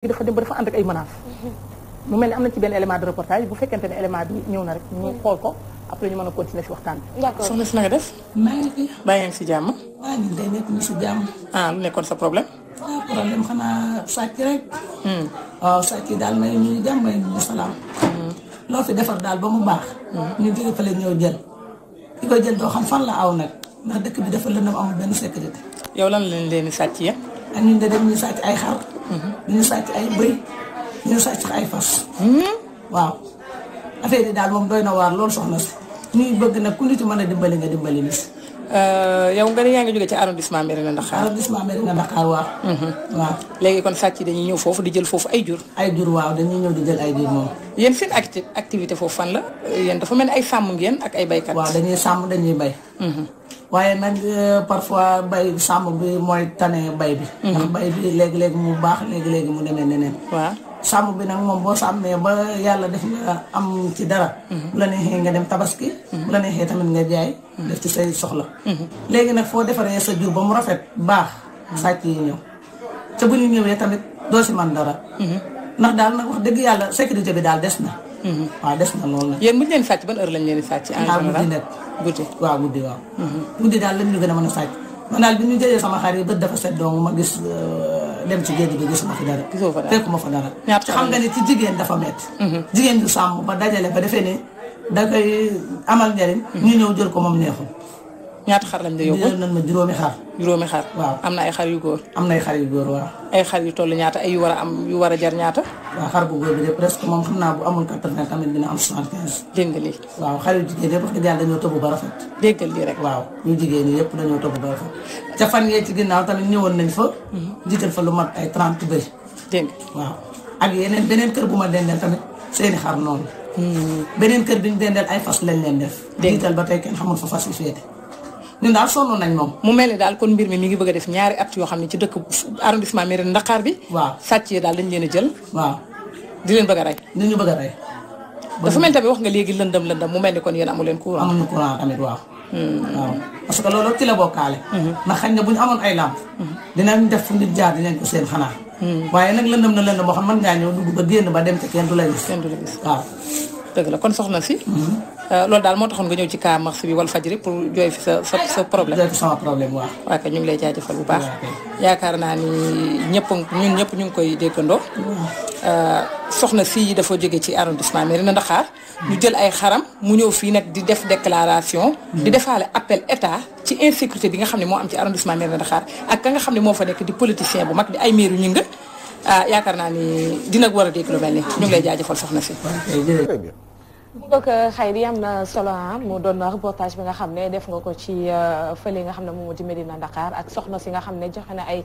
dafa dem ba dafa ànd ay menaces mu mel ne am nañ ci benn élément bu fekkente ne élément bi ñëw na rek ñu xool ko après ñu mën a continuer ci waxtaan bi. d'accord soxna si nga def. maa ngi si jàmm. waaw ñun de nekkuñu si jàmm. ah lu nekkoon sa problème. ah problème xanaa sàcc rek. waaw hmm. ah, sàcc daal may ñu jàmm hmm. loo fi defar daal ba mu baax. Hmm. ñu jóge fa la ñëw jël. ki ko jël doo xam fan la aw nag ndax dëkk bi dafa lëndam amul benn sécurité. yow lan lañ leen di sàcc ya. ak ah, ñun de dem ñu sàcc ay xar. ñu sàcc ay bëy ñu sàcc ay fas. Hmm? waaw affaire yi daal moom doy na waar loolu soxna si ñuy bëgg na ku ñu ci mën a dimbali nga dimbali ñu euh, si. yow nga ne yaa ngi jóge ci arrondissement Mérina Dakhar. arrondissement Mérina Dakhar waaw. Hmm. waaw léegi kon sàcc dañuy ñëw foofu di jël foofu ay jur. ay jur waaw dañuy ñëw di jël ay jur moom. yéen seen activité foofu fan la yéen dafa mel ni ay sàmm ngeen ak ay baykat. waaw dañuy sàmm dañuy bay. Hmm. waaye nag euh, parfois bay sàmm bi mooy tane bay bi mhm. ndax bay bi léegi-léegi mu baax léegi-léegi mu demee neneen waaw sàmm bi nag moom boo sa am sàmmee ba yàlla def nga am ci dara mhm. bu la neexee nga dem tabaski mhm. bu la neexee tamit nga jaay def ci say soxla léegi nag foo defaree sa jur ba mu rafet baax sàcc yi ñëw te bu ñu ñëwee tamit doo si man dara ndax daal nag wax dëgg yàlla sécurité bi daal des na waaw mm-hmm. ah, des na lool nag. yéen bu ñu leen sàcc ban heure lañ leen di sàcc. en ah, général guddi waaw guddi waaw. Mm-hmm. guddi daal lañ ñu gën a man a sàcc. man daal bi ñu jëlee sama xar yi bët dafa set dong ma gis euh, dem ci géej gi gis ma fi dara. gisoo fa dara fekk ma fa dara. ñaata xam nga ni ci jigéen dafa métti. Mm-hmm. jigéen ju sàmm ba dajale ba defee ne da koy amal njariñ. ñu ñëw jël ko moom neexul. ñaata xar lañ la nañ ma juróomi xar juróomi xar waaw am ay xar yu góor am na ay xar yu góor ay xar yu toll ñaata ay yu a yu war a jar ñaata waaw xar bu góor bi de presque moom xam naa bu amul quatre-vingts tamit dina am soixante-quinze dégg yu jigéen yëpp wax dëgg yàlla dañoo topp ba rafet déggal lii rek waaw ñu jigéen ñi yëpp dañoo topp ba rafet ca fan yee ci ginnaaw tamit ñëwoon nañ fa mhm. jiital fa lu mat ay trente bëri dégg waaw ak yeneen beneen kër bu ma dendeel tamit seeni xar noonu mhm. beneen kër bi ñu dendeel ay fas lañ leen def jiital ba tey kenn xamul fa fas yi féete ñun daal sonn nañ moom. mu mel ni daal kon mbir mi mi ngi bëgg a def ñaari at yoo xam ne ci dëkk arrondissement mairie Ndakaar bi. waaw sàcc yi daal dañ leen a jël. waaw di leen bëgg a rey. di ñu bëgg a rey. dafa mel tamit wax nga léegi lëndëm lëndëm mu mel ni kon yéen amu leen courant. amuñu courant tamit waaw. Hmm. waaw parce que loolu ci la bokkaale. Hmm. ndax xañ na bu ñu amoon ay làmp. Hmm. dinañ def fu nit jaar dinañ ko seen xanaa. waaye nag lëndëm na lëndëm boo xam man ngaa ñëw dugg ba génn ba dem te kenn du la gis. kenn du la gis waaw dëgg la kon soxna si. Euh, loolu daal moo taxoon nga ñëw ci cas mars bi wal fajri pour jooy fi sa sa sa problème. jooy fi sama ngi lay jaajëfal bu baax. yaakaar naa ni ñëpp ñun ñëpp ñu ngi koy déggandoo. Euh, soxna si dafa jóge ci arrondissement mais dina Ndaxaar. ñu jël ay xaram mu ñëw fii nag di def déclaration. Mm. di defaale appel état ci insécurité bi nga xam ne moo am ci arrondissement Mérina Dakhar ak ka nga xam ne moo fa nekk di politicien bu mag di ay maire yu ah yaakaar naa ni dina war a dégg lu mel ni ñu ngi lay jaajëfal soxna si. mu nga ko xayri am na solo ah. mu doon reportage bi nga xam ne def nga ko ci euh, fële nga xam ne moom moo di Medina Dakar ak soxna si nga xam ne joxe na ay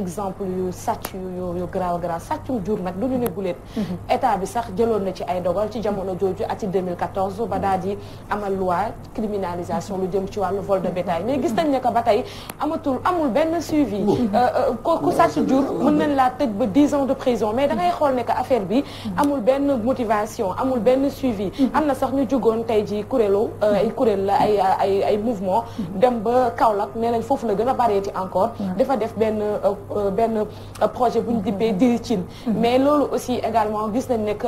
exemple yu sàcc yu yu garaaw garaaw sàccum jur nag du ñu ne guléet mm-hmm. état bi sax jëloon na ci ay dogal ci jamono jooju ati 2014 ba daal di amal loi criminalisation lu jëm ci wàllu vol de bétail mais gis nañ ne que ba tey amatul amul benn suivi euh, euh, ko ku sàcc jur mën nañ laa tëj ba 10 ans de prison mais da ngay xool ne que affaire bi mm-hmm. amul benn motivation amul benn suivi Mm-hmm. am na sax ñu jógoon tey ji kuréelu euh, ay kuréel la ay ay ay mouvement mm-hmm. dem ba Kaolack nee nañ foofu la gën a variété encore dafa def benn euh, benn projet bu ñu dibbee mm-hmm. diri cin mais loolu aussi également gis nañ ne que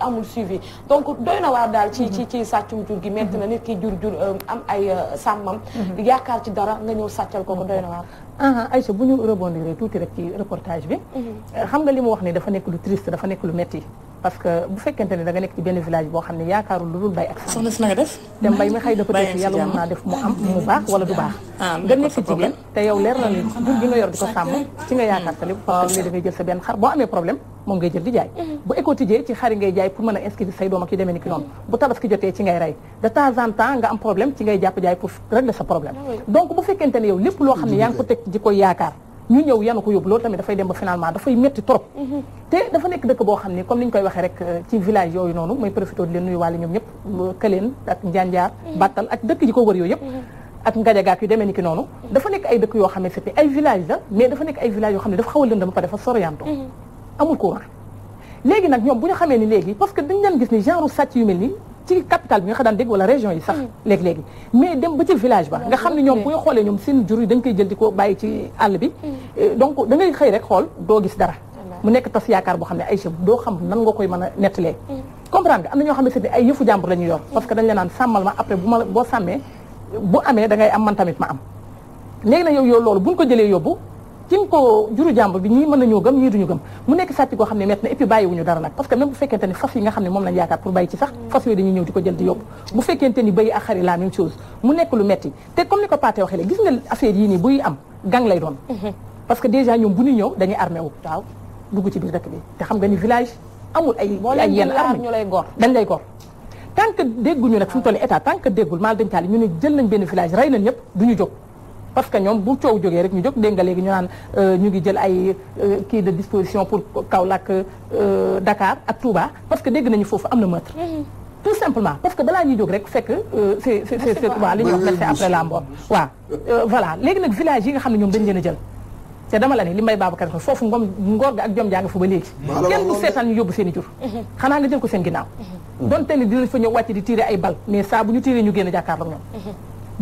amul suivi donc doy na waar daal ci ci ci sàccum jur gi metti na nit jur jur euh, am ay sàmmam yaakaar ci dara nga ñëw sàccal ko ko doy na waar aha ah, Aïcha bu ñu rebondir tuuti rek ci reportage bi xam nga li mu wax ne dafa nekk lu triste dafa nekk lu metti parce que bu fekkente ne da nekk ci benn village boo xam ne yaakaarul lu dul bay ak soxna si nga def te mbay mi xëy na peut def mu am mu baax wala du baax ah, nga nekk jigéen te na ni jur yaakaar sa lépp ah, parce que da ngay jël boo amee problème moom ngay jël di jaay mm-hmm. bu écotijee ci xari ngay jaay pour mën a inscrire say doom ak yu ni ki noonu mm-hmm. bu tabaski jotee ci ngay rey de temps en temps nga am problème ci ngay jàpp jaay pour régler sa problème ah donc bu fekkente lépp loo xam ne yaa ngi ko teg ñu ñëw yanu ko yóbbu loolu tamit dafay dem ba finalement dafay métti trop te dafa nekk dëkk boo xam ni comme ni ñu koy waxee rek euh, ci village yooyu noonu may profité di leen nuyu waale ñoom ñëpp euh, Këleen ak Njanjaar mhm. Battal ak dëkk yi ko wër yooyu yëpp mhm. ak ngajagaak yu demee ni ki noonu mhm. dafa nekk ay dëkk yoo xam ne c'était ay village la mais dafa nekk ay village yoo xam ne dafa xaw a lëndëm pare dafa soriyanto amul courant léegi nag ñoom bu ñu xamee ni léegi que dañ leen gis ni genre sàcc yu mel ci capital bi nga xam daan dégg wala région yi sax mm. léegi-léegi mais dem ba ci village ba mm. nga xam ne ñoom bu ñu xoolee ñoom seen jur yi dañ koy jël di ko bàyyi ci àll bi mm. eh, donc da xëy rek xool doo gis dara mu nekk tas yaakaar boo xam ne ay chef doo xam nan nga koy mën a nettalee comprendre na ñoo xamante ne ay yëfu jàmbur la ñu yor parce que dañ la naan sàmmal ma après bu boo sàmmee bu amee da ngay am man tamit ma am léegi nañ yow yow loolu buñ ko jëlee yobbu kim ko juru jàmb bi ñii mën nañoo gëm ñii duñu gëm mu nekk sàcc goo xam ne métti na et puis bàyyiwuñu dara nag parce que même bu fekkente ni fas yi nga xam ne moom lañ yaakaar pour bàyyi ci sax fas yooyu dañuy ñëw di ko jël di yóbbu bu fekkente ni bëy ak xari la même mu nekk lu métti te comme ni ko paate waxee gis nga affaire yii nii buy am gang lay doon mhm. parce que déjà ñoom bu ñu ñëw dañuy armé wu waaw dugg ci biir dëkk bi te xam nga ni village amul lay gor que dégguñu nag fu mu ñu jël nañ benn village rey nañ ñëpp parce que ñoom bu coow jógee rek ñu jóg dégg nga léegi ñu naan euh, ñu ngi jël ay euh, kii de disposition pour Kaolack euh, Dakar ak Touba parce que dégg nañu foofu am na meurtre. Mm-hmm. tout simplement parce que balaa ñuy jóg rek fekk c'est li la mort waaw voilà léegi nag village yi nga xam ne ñoom dañ leen a jël te la ne li seetaan ñu yóbbu seen i jur mm-hmm. xanaa nga jël ko seen ginnaaw mm-hmm. donte ne dinañ fa ñëw wàcc di tirer ay bal mais saa bu ñu tirer ñu génn jàkkaarloo ñoom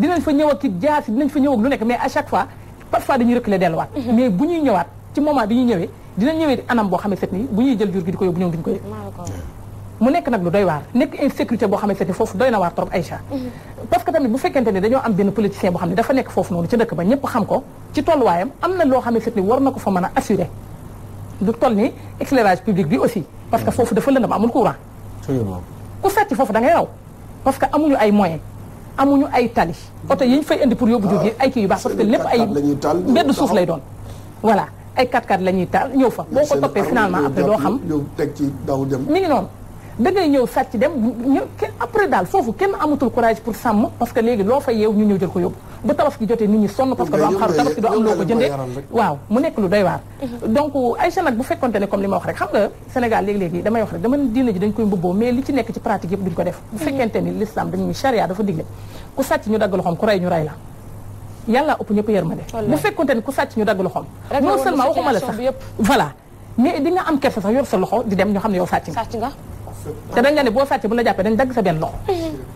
dinañ fa ñëw ak i jaasi dinañ fa ñëw ak lu nekk mais à chaque fois parfois dañuy reculer delluwaat. Mhm. mais bu ñuy ñëwaat ci moment bi ñuy ñëwee dinañ ñëwee anam boo xamante ni bu ñuy jël jur gi di ko yóbbu ñoom duñ ko yëg. mu nekk nag lu doy waar nekk insécurité boo xamante ni foofu doy na waar trop Aïcha mhm. parce que tamit bu fekkente ni dañoo am benn politicien boo xam ne dafa nekk foofu noonu ci dëkk ba ñëpp xam ko ci tolluwaayam am na loo xamante na ko fa a assurer du toll ni éclairage bi aussi parce que mhm. foofu dafa lëndam amul courant ku da ngay raw parce que amuñu ay moyens amuñu ay tali oto yi ñu fay indi pour yóbbu jógee ah, ay kii yu baax parce que lépp ay mbedd suuf lay doon voilà ay 4x4 la ñuy taal ñëw fa boo o toppee finalement après doo xam teg ci daw dem mi ngi noonu ngay ñëw sàcc dem ñëw kenn après daal foofu kenn amatul courage pour sàmm parce que léegi loo fa yeew ñu ñëw jël ko yóbbu ba tabaski jotee nit ñi sonn parce que doo am xaru tabaski doo am loo ko jëndee waaw mu nekk lu doy waar mhm. donc Aïcha nag ne comme ma wax rek xam nga Sénégal léegi-léegi damay wax rek dama diina ji dañ koy mbubboo mais li ci nekk ci pratique yëpp duñ ko def bu mhm. fekkente ni l'islam dañuy charia dafa digle ku sàcc ñu dagg loxoom ku rey ñu rey la yàlla ëpp ñëpp yërmande bu fekkonte ku sàcc ñu dagg loxoom non seulement waxuma la sax voilà mais di nga am kersa sax yor sa loxo di dem ñoo xam ne yow sàcc nga te dañ boo sàcc la jàppee dañ dagg sa benn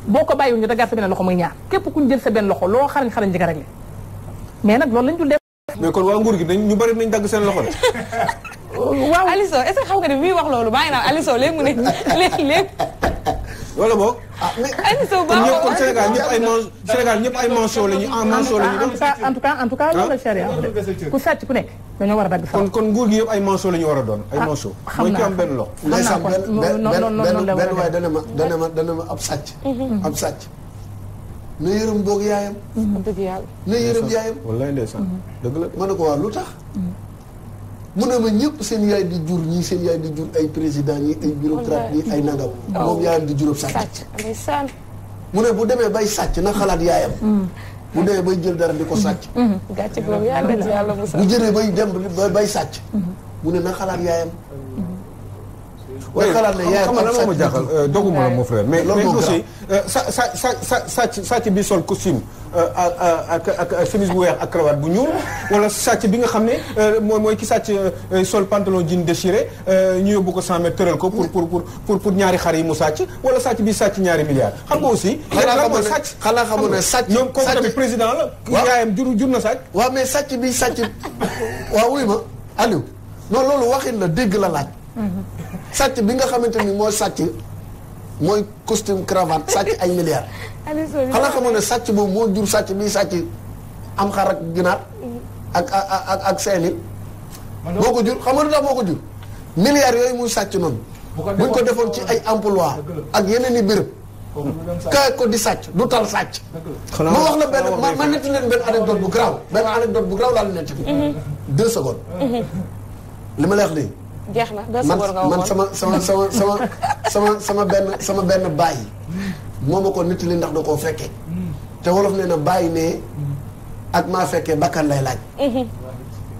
boo ko bàyyiwul ñu dagaat sa benn loxo muy ñaar képp ku ñu jël sa benn loxo loo xarañ xarañ di nga réglé mais nag loolu lañ dul def. mais kon waa nguur gi dañ ñu bari nañ dagg seen loxo de. waaw Aliou Sow est nga ni muy wax loolu bàyyi naa Aliou Sow léegi mu ne léegi léegi. wala boog ah mais kon ñëpp kon Sénégal ñëpp ay man Sénégal ñëpp ay manso la ñu en manso la ñu doon. en tout cas en tout cas loolu la ah? charia ku sàcc ku nekk dañoo war a dagg. kon kon nguur gi yëpp ay manso la ñu war a doon. ay ah, manso mooy ki am benn loxo. xam naa ko noonu noonu la benn waaye dana ma dana ma dana ma ab sàcc. Mhm. ab sàcc na yërëm boog yaayam. Mhm. dëgg yàlla na yërëm yaayam. wallaay ndeysaan mhm. dëgg la mën na ko waa lu tax. mu ne ma ñëpp seen yaay di jur ñii seen yaay di jur ay président ñii ay bureaucrate ñii ay nangam. moom yaayam di juróom sàcc. mu ne bu demee bay sàcc na xalaat yaayam. mu mm. demee bay jël dara di ko sàcc. Mm. Mm. gàcce boobu yàlla na yàlla bu jëlee bay dem bay sàcc. Mm-hmm. mu ne na xalaat yaayam. waaye xalaat ne yaay xam moo ma jaaxal euh, doguma la mon frère. mais mais euh, sa sa sa sàcc sàcc bi sol costume euh, ak ak ak chemise bu weex ak cravate bu ñuul wala sàcc bi nga xam ne mooy mooy ki sàcc sol pantalon jean déchiré ñu yóbbu ko 100 mètres tëral ko pour pour pour pour ñaari xar yi mu sàcc wala sàcc bi sàcc ñaari milliards. xam nga aussi. xanaa xamoon ne xanaa ñoom kooku tamit président la. waaw yaayam jur jur na sàcc. waaw mais sàcc bi sàcc waaw wuy ma Aliou non loolu waxin la dégg la laaj. sàcc bi nga xamante ni moo sàcc mooy costume cravate sàcc ay milliards. xanaa xamoon ne sàcc boobu moo jur sàcc bi sàcc am xar ak ginaar. Mm-hmm. ak ak ak ak cinq mille. moo ko jur xam na lu tax moo ko jur. milliards yooyu muy sàcc noonu. buñ ko defoon ci ay emploi ak yeneen i béréb. kaa ko di sàcc du tal sàcc. ma wax la benn ma ma netti leen benn anecdote bu garaaw benn anecdote bu garaaw laa leen netti. Mm-hmm. deux secondes. Mm-hmm. li ma leex wax nii. jeex na man man sama sama sama sama sama sama benn sama benn bàyyi moo ma ko nettali ndax da koo fekkee te wolof nee na bàyyi ne ak maa fekkee bakkan lay laaj mhm.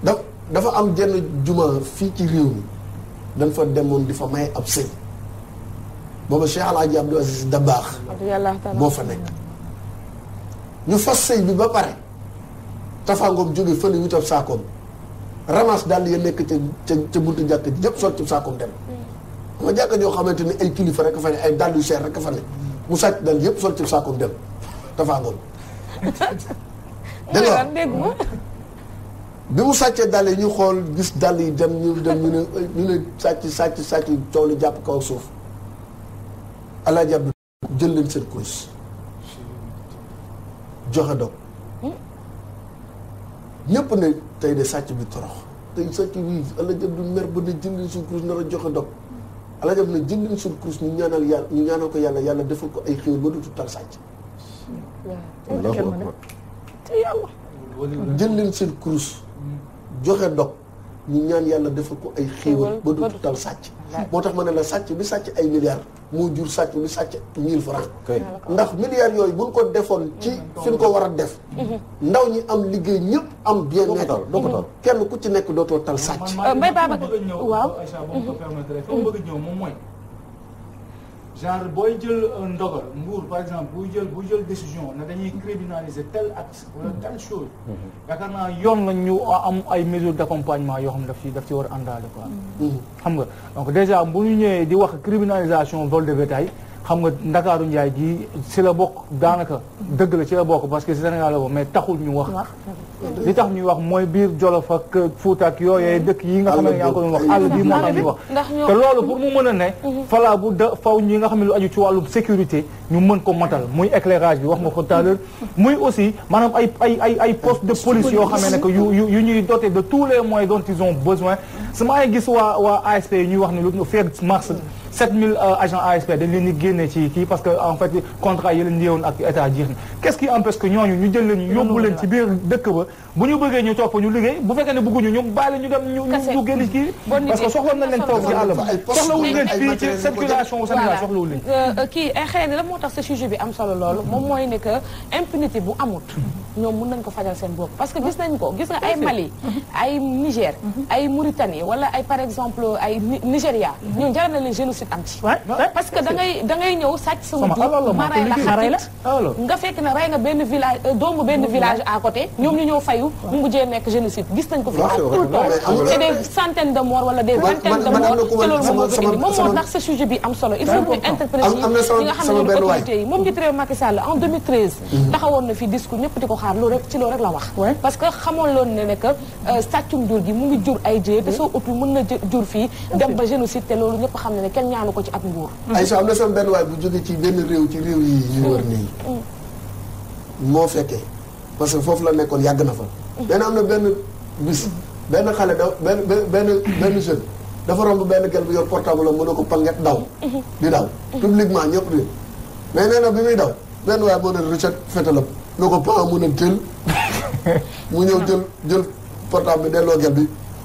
da dafa am jenn juma fii ci réew mi dañ fa demoon di fa may ab sëy booba Cheikh Alhaji Abdou Aziz Dabaax moo fa nekk ñu fas sëy bi ba pare tafangoom jóge fële witab saakoom ramas dàll yi nekk ca ca ca buntu jàkk ji yëpp sotti saakoom dem mm. xam jàkk ñoo xamante ni ay kilifa rek fa ne ay dàll yu cher rek fa ne mm. mu sàcc dàll yëpp sotti saakoom dem dafa ngoon dégg bi mu sàccee dàll yi ñu xool gis dàll yi dem ñu dem ñu ne sàcc sàcc sàcc coow jàpp kaw suuf alaaji Abdu jël leen seen kurus mm. joxe dog ñëpp ne tey de sàcc bi torox tey sàcc bi alajab du mer ba ne jëndin suñ kurus nar a joxe dog alajab na jëndin suñ kurus ñu ñaanal yàlla ñu ñaanal ko yàlla yàlla defal ko ay xéwal ba du tal sàcc allahu akbar jëndin suñ kurus joxe dog ñu ñaan yàlla defal ko ay xéewal ba du tal sàcc moo tax ma ne la sàcc bi sàcc ay milliards moo jur sàcc bi sàcc mille francs ndax milliards yooyu buñ ko defoon ci suñ ko war a def mhm. ndaw ñi am liggéey ñëpp am bien être kenn ku ci nekk dootoo tal sàcc euh, mbay baaba waaw bëgg ñëw moom mooy genre booy jël euh, ndogal nguur par exemple buy jël buy jël décision na dañuy criminaliser tel acte wala telle chose mhm. yaakaar naa yoon la ñu am ay mesures d'accompagnement yoo xam ne daf ci daf ci war a àndaale quoi mhm. xam nga donc déjà bu ñu ñëwee di wax criminalisation vol de xam nga ndakaaru njaay gi si la bokk daanaka dëgg la ci la bokk parce que Sénégal la bokk mais taxul ñu wax li tax ñuy wax mooy biir Jolof ak Fuuta ak yooyee mm-hmm. dëkk yi nga xam ne yaa ngi ko doon wax àll bi moo tax ñu wax te loolu pour mm-hmm. falaa bu da ñi nga xam ne lu aju ci wàllu sécurité ñu mën ko matal muy éclairage bi wax nga ko tout à mm-hmm. muy aussi maanaam ay ay ay ay poste de police yoo xamee ne que yu yu ñuy doté de tous les moyens dont ils ont besoin su maa ngi gis waa waa ASP yi ñuy wax ne lu feeg mars 7000 euh, agents ASP dañ leen di génne ci kii parce que en fait contrat yi leen yeewoon ak état jeex na qu'est-ce qui empêche que ñooñu ñu jël leen yóbbu leen ci biir dëkk ba bu ñu bëggee ñu topp ñu liggéey bu fekkee ne bëgguñu ñu bàyyi ñu dem ñu génn ci kii parce que soxla na leen toog ci àll ba soxlawul leen fii ci circulation au Sénégal soxlawul leen euh, euh, kii eh, xëy na la moo tax ce sujet bi am solo loolu moom mooy ne que impunité bu amut ñoom mën nañ ko fajal seen bopp parce que gis nañ ko gis nga ay Mali mhm. ay Niger mhm. ay Mauritanie wala ay par exemple ay Nigéria. Mhm. ñoom jar na leen génocide am ci. parce que da ngay da ngay ñëw sàcc sama jur ma rey la xarit nga fekk na rey nga benn village euh, doomu benn village à côté ñoom ñu ñëw fayu mu mujjee nekk génocide gis nañ ko fi à tout le temps c'est des centaines de morts wala des vingtaines de morts te loolu moom moo ko indi moom moo tax ce sujet bi am solo il faut que ñu interpréter yi nga xam ne ñoom autorités yi moom njiit réew Macky Sall en 2013 mhm. taxawoon na fi discours ñëpp di ko xaar loolu rek ci loolu rek la wax parce que xamoon loon ne ne que euh, sàccum jur gi mu ngi jur ay jëye ëpp mën na jur fii dem ba génocide te loolu ñëpp xam ne ne kenn ñaanu ko ci ab nguur Aïcha am na sama benn waay bu jóge ci benn réew ci réew yi ñu war mm. nii moo fekkee parce que foofu la nekkoon yàgg na fa mm. benn am na benn bis benn xale da benn benn benn jeune dafa romb benn gel bu yor portable am mën na ko panget daw mm-hmm. di daw mm-hmm. publiquement ñëpp di mais nee na bi muy daw benn waaye moo ne Richard fétalab na ko pan mun a jël mu ñëw jël jël portable bi delloo gel bi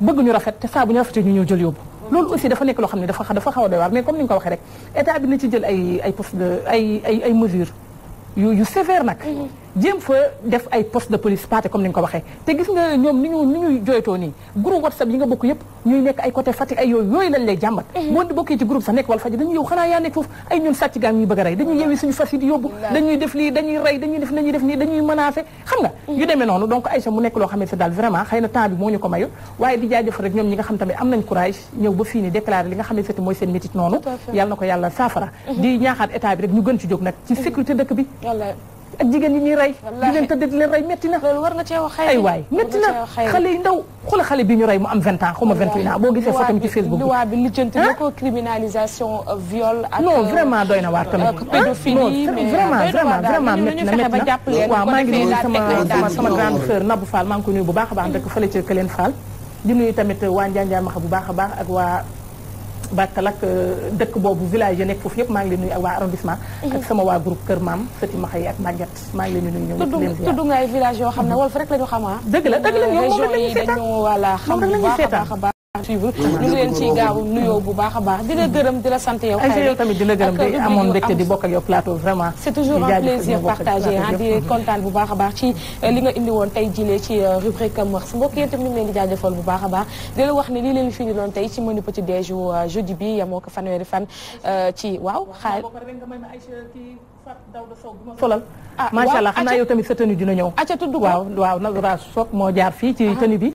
bëgg ñu rafet te saa bu ñu rafetee ñu ñëw jël yóbbu loolu aussi dafa nekk loo xam ne dafa dafa xaw a doy waar mais comme ni nga ko waxee rek état bi na ci ay ay yu sévère nag mm-hmm. jéem fa def ay poste de police paate comme ni nga ko waxee te gis nga ñoom ni ñu ni ñu jooytoo nii groupe whatsapp yi nga bokk yëpp ñuy nekk ay côté Fatick yooyu yooyu lañ lay jàmbat mhm. boo bokkee ci groupe sax nekk wal faji dañuy yow xanaa a rey dañuy yewi suñu fas yi di yóbbu dañuy def lii dañuy rey dañuy def nii dañuy menacé xam nga mhm. yu demee noonu donc Aïcha mu nekk loo xamante daal vraiment xëy na temps bi moo ñu ko mayul waaye di jaajëf rek ñoom ñi nga xam tamit am nañ courage ñëw ba fii ni déclaré li nga xamante ne mooy seen métit noonu yàlla na ko yàlla saafara mhm. di ñaaxaat état bi ak jigéen yi ñuy rey di leen tëdd di leen rey métti na loolu war nga cee wax xëy ay waay métti na xale yu ndaw xula xale bi ñu rey mu am vingt ans xuma vingt-huit ans boo gisee photo ci Facebook loi bi lijjanti na ko criminalisation euh, viol ak non euh, vraiment doy na waar tamit euh, pédophilie vraiment vraiment vraiment métti na métti na waaw maa ngi nuyu sama sama grande sœur Nabou Fall maa ngi ko nuyu bu baax a baax dëkk fële ci Këleen Fall di nuyu tamit waa Njaanjaay Maxa bu baax a baax ak waa Bakel ak euh, dëkk boobu village yi nekk foofu yëpp maa ngi leen nuyu ak waa arrondissement mhm. sama waa groupe Kër Maam Sëti Maxa yi ak Maguette maa ngi leen nuyu ñëw tudd ngay village yoo xam ne mhm. wolof rek la xam ah dëgg la dëgg la ñoom moom rek la ñuy seetaan à suivre ñu ngi leen ciy gaaw nuyoo bu baax a baax di la gërëm di la sant yow xëy yow tamit di la gërëm di euh, amoon mbégte di bokk yow plateau vraiment c'est toujours un plaisir partagé ah bu baax a baax ci euh, li nga indi woon tey jilee ci euh, rubrique mœurs mbokk yéen tamit ñu ngi leen di jaajëfal bu baax a baax di la wax ne lii leen fi indi loon tey ci menu petit déj jeudi bi yamoo ko fanweeri fan ci waaw xaal solal ah macha allah xanaa yow tamit sa tenue dina ñëw. acca tudd waaw waaw Nazra Sock moo jaar ah. bi.